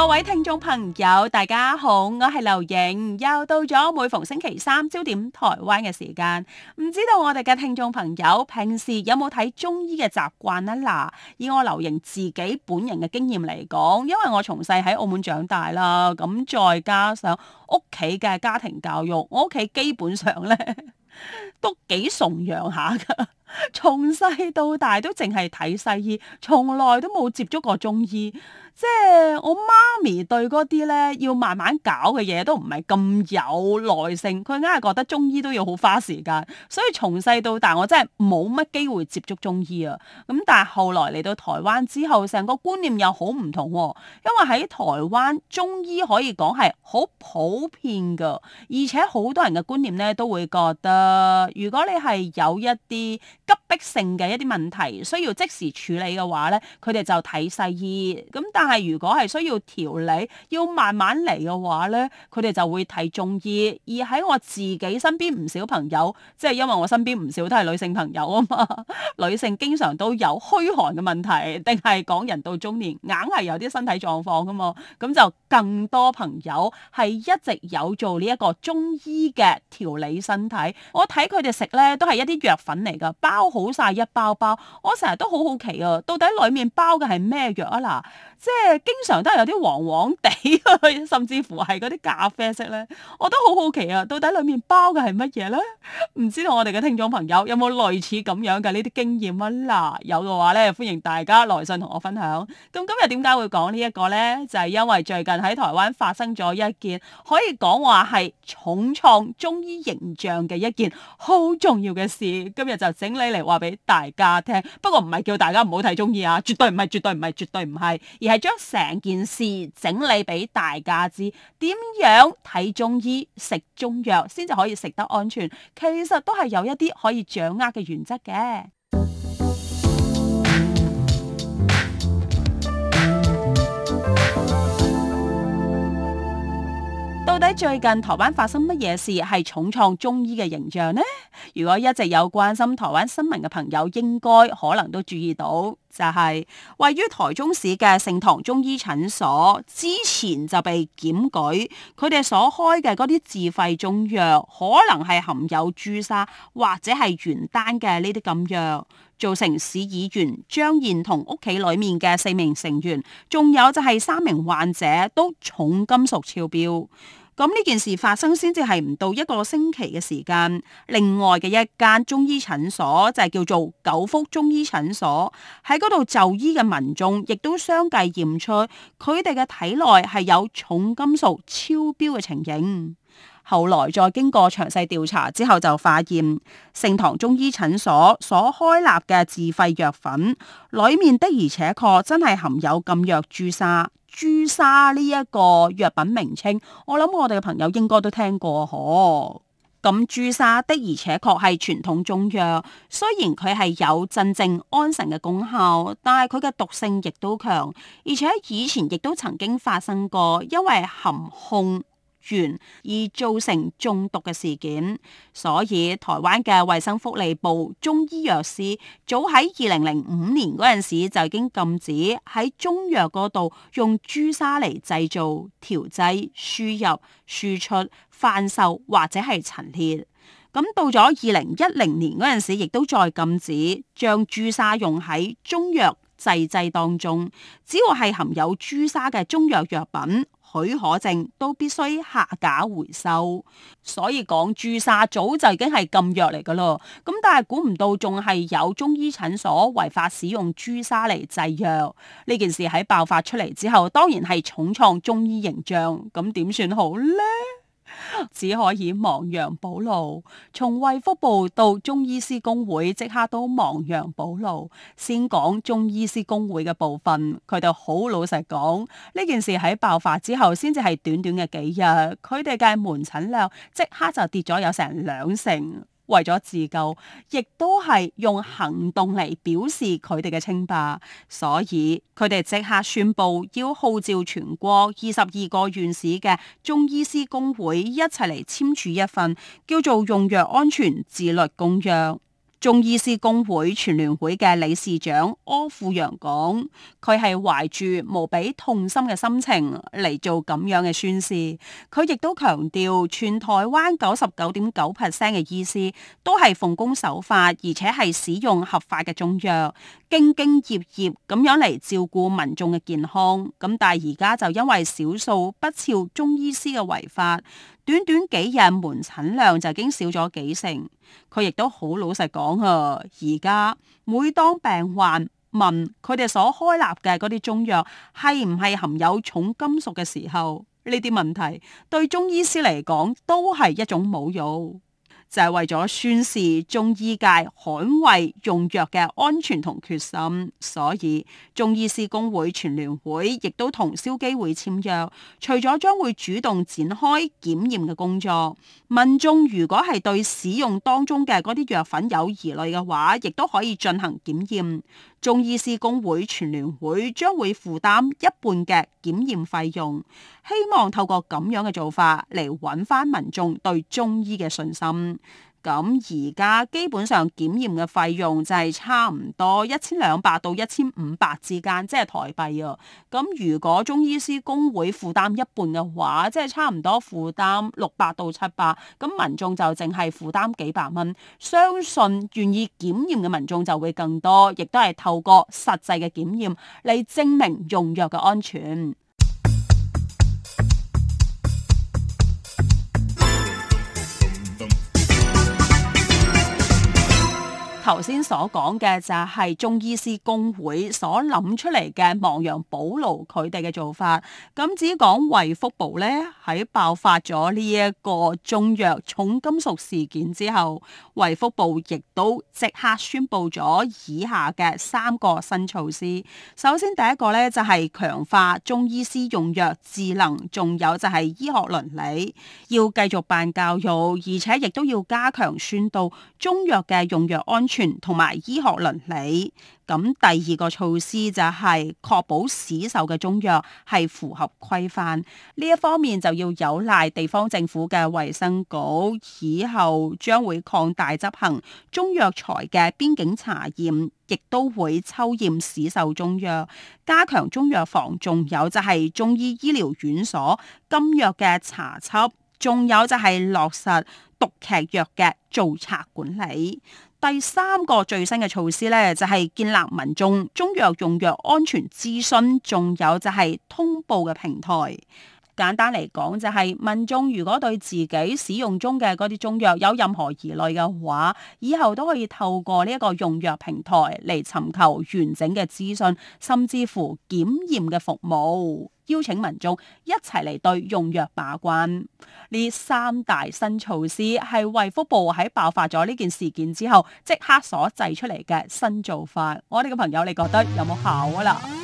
各位聽眾朋友，大家好，我係劉瑩，又到咗每逢星期三焦點台灣嘅時間。唔知道我哋嘅聽眾朋友平時有冇睇中醫嘅習慣啊？嗱，以我劉瑩自己本人嘅經驗嚟講，因為我從細喺澳門長大啦，咁再加上屋企嘅家庭教育，我屋企基本上呢都幾崇洋下噶。從細到大都淨係睇西醫，從來都冇接觸過中醫。即係我媽咪對嗰啲咧要慢慢搞嘅嘢都唔係咁有耐性，佢硬係覺得中醫都要好花時間，所以從細到大我真係冇乜機會接觸中醫啊。咁但係後來嚟到台灣之後，成個觀念又好唔同喎，因為喺台灣中醫可以講係好普遍噶，而且好多人嘅觀念咧都會覺得，如果你係有一啲。急迫性嘅一啲問題需要即時處理嘅話咧，佢哋就睇西醫，咁但係如果係需要調理要慢慢嚟嘅話咧，佢哋就會睇中醫，而喺我自己身邊唔少朋友，即係因為我身邊唔少都係女性朋友啊嘛，女性經常都有虛寒嘅問題，定係講人到中年硬係有啲身體狀況噶嘛，咁就更多朋友係一直有做呢一個中醫嘅調理身體，我睇佢哋食咧都係一啲藥粉嚟噶包。包都好晒一包包，我成日都好好奇啊，到底裏面包嘅係咩藥啊嗱？即係經常都係有啲黃黃地，甚至乎係嗰啲咖啡色呢，我都好好奇啊！到底裏面包嘅係乜嘢呢？唔知道我哋嘅聽眾朋友有冇類似咁樣嘅呢啲經驗啊？嗱，有嘅話呢，歡迎大家來信同我分享。咁今日點解會講呢一個呢？就係因為最近喺台灣發生咗一件可以講話係重創中醫形象嘅一件好重要嘅事。今日就整理嚟話俾大家聽。不過唔係叫大家唔好睇中醫啊，絕對唔係，絕對唔係，絕對唔係。係將成件事整理俾大家知，點樣睇中醫、食中藥先至可以食得安全。其實都係有一啲可以掌握嘅原則嘅。到底最近台灣發生乜嘢事，係重創中醫嘅形象呢？如果一直有關心台灣新聞嘅朋友，應該可能都注意到，就係、是、位於台中市嘅聖堂中醫診所，之前就被檢舉，佢哋所開嘅嗰啲自費中藥，可能係含有硃砂或者係鉛丹嘅呢啲禁藥，造成市議員張燕同屋企裡面嘅四名成員，仲有就係三名患者都重金屬超標。咁呢件事發生先至係唔到一個星期嘅時間，另外嘅一間中醫診所就係叫做九福中醫診所，喺嗰度就醫嘅民眾亦都相繼驗出佢哋嘅體內係有重金屬超標嘅情形。後來再經過詳細調查之後，就發現聖堂中醫診所所開立嘅自費藥粉裡面的而且確真係含有禁藥硃砂。朱砂呢一個藥品名稱，我諗我哋嘅朋友應該都聽過，嗬。咁朱砂的而且確係傳統中藥，雖然佢係有鎮靜安神嘅功效，但係佢嘅毒性亦都強，而且以前亦都曾經發生過，因為含汞。源而造成中毒嘅事件，所以台灣嘅衛生福利部中醫藥司早喺二零零五年嗰陣時就已經禁止喺中藥嗰度用朱砂嚟製造調劑、輸入、輸出、販售或者係陳列，咁到咗二零一零年嗰陣時，亦都再禁止將朱砂用喺中藥製劑當中，只要係含有朱砂嘅中藥藥品。許可證都必須下架回收，所以講朱砂早就已經係禁藥嚟㗎咯。咁但係估唔到仲係有中醫診所違法使用朱砂嚟製藥。呢件事喺爆發出嚟之後，當然係重創中醫形象。咁點算好呢？只可以亡羊補牢，從衛福部到中醫師公會即刻都亡羊補牢。先講中醫師公會嘅部分，佢哋好老實講，呢件事喺爆發之後先至係短短嘅幾日，佢哋嘅門診量即刻就跌咗有成兩成。為咗自救，亦都係用行動嚟表示佢哋嘅清白，所以佢哋即刻宣佈要號召全國二十二個縣市嘅中醫師公會一齊嚟簽署一份叫做《用藥安全自律公約》。中醫師公會全聯會嘅理事長柯富揚講，佢係懷住無比痛心嘅心情嚟做咁樣嘅宣示。佢亦都強調，全台灣九十九點九 percent 嘅醫師都係奉公守法，而且係使用合法嘅中藥，兢兢業業咁樣嚟照顧民眾嘅健康。咁但係而家就因為少數不肖中醫師嘅違法。短短幾日，門診量就已經少咗幾成。佢亦都好老實講啊，而家每當病患問佢哋所開立嘅嗰啲中藥係唔係含有重金屬嘅時候，呢啲問題對中醫師嚟講都係一種侮辱。就係為咗宣示中醫界捍衞用藥嘅安全同決心，所以中醫師公會全聯會亦都同消基會簽約，除咗將會主動展開檢驗嘅工作，民眾如果係對使用當中嘅嗰啲藥粉有疑慮嘅話，亦都可以進行檢驗。中醫師公會全聯會將會負擔一半嘅檢驗費用，希望透過咁樣嘅做法嚟搵返民眾對中醫嘅信心。咁而家基本上檢驗嘅費用就係差唔多一千兩百到一千五百之間，即係台幣啊。咁如果中醫師公會負擔一半嘅話，即係差唔多負擔六百到七百，咁民眾就淨係負擔幾百蚊。相信願意檢驗嘅民眾就會更多，亦都係透過實際嘅檢驗嚟證明用藥嘅安全。頭先所講嘅就係中醫師公會所諗出嚟嘅亡羊補牢佢哋嘅做法。咁只講衛福部呢，喺爆發咗呢一個中藥重金屬事件之後，衛福部亦都即刻宣布咗以下嘅三個新措施。首先第一個呢，就係、是、強化中醫師用藥智能，仲有就係醫學倫理，要繼續辦教育，而且亦都要加強宣導中藥嘅用藥安全。全同埋醫學倫理咁，第二個措施就係確保市售嘅中藥係符合規範。呢一方面就要有賴地方政府嘅衛生局，以後將會擴大執行中藥材嘅邊境查驗，亦都會抽驗市售中藥，加強中藥房。仲有就係中醫醫療院所禁藥嘅查緝，仲有就係落實毒劇藥嘅造冊管理。第三個最新嘅措施呢，就係建立民眾中藥用藥安全諮詢，仲有就係通報嘅平台。簡單嚟講就係，民眾如果對自己使用中嘅嗰啲中藥有任何疑慮嘅話，以後都可以透過呢一個用藥平台嚟尋求完整嘅資訊，甚至乎檢驗嘅服務。邀請民眾一齊嚟對用藥把關。呢三大新措施係衛福部喺爆發咗呢件事件之後即刻所製出嚟嘅新做法。我哋嘅朋友你覺得有冇效啊啦？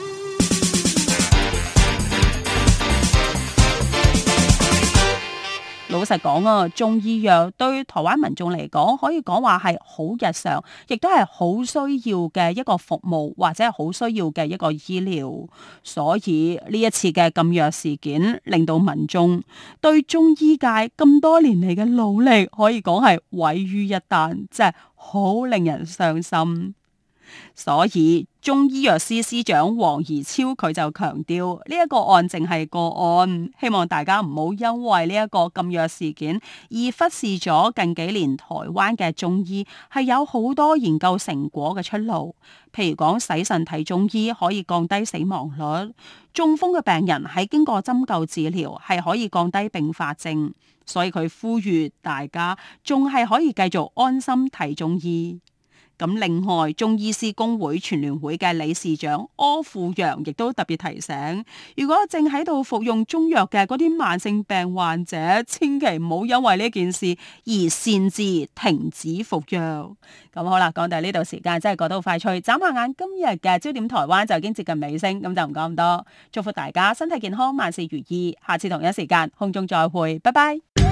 老實講啊，中醫藥對台灣民眾嚟講，可以講話係好日常，亦都係好需要嘅一個服務或者係好需要嘅一個醫療。所以呢一次嘅禁藥事件，令到民眾對中醫界咁多年嚟嘅努力，可以講係毀於一旦，真係好令人傷心。所以，中醫藥司司長黃怡超佢就強調呢一個案淨係個案，希望大家唔好因為呢一個禁藥事件而忽視咗近幾年台灣嘅中醫係有好多研究成果嘅出路。譬如講，洗腎睇中醫可以降低死亡率，中風嘅病人喺經過針灸治療係可以降低併發症。所以佢呼籲大家仲係可以繼續安心睇中醫。咁另外，中醫師公會全聯會嘅理事長柯富揚亦都特別提醒，如果正喺度服用中藥嘅嗰啲慢性病患者，千祈唔好因為呢件事而擅自停止服藥。咁好啦，講到呢度時間真係過得好快脆。眨下眼今日嘅焦點台灣就已經接近尾聲，咁就唔講咁多。祝福大家身體健康，萬事如意。下次同一時間空中再會，拜拜。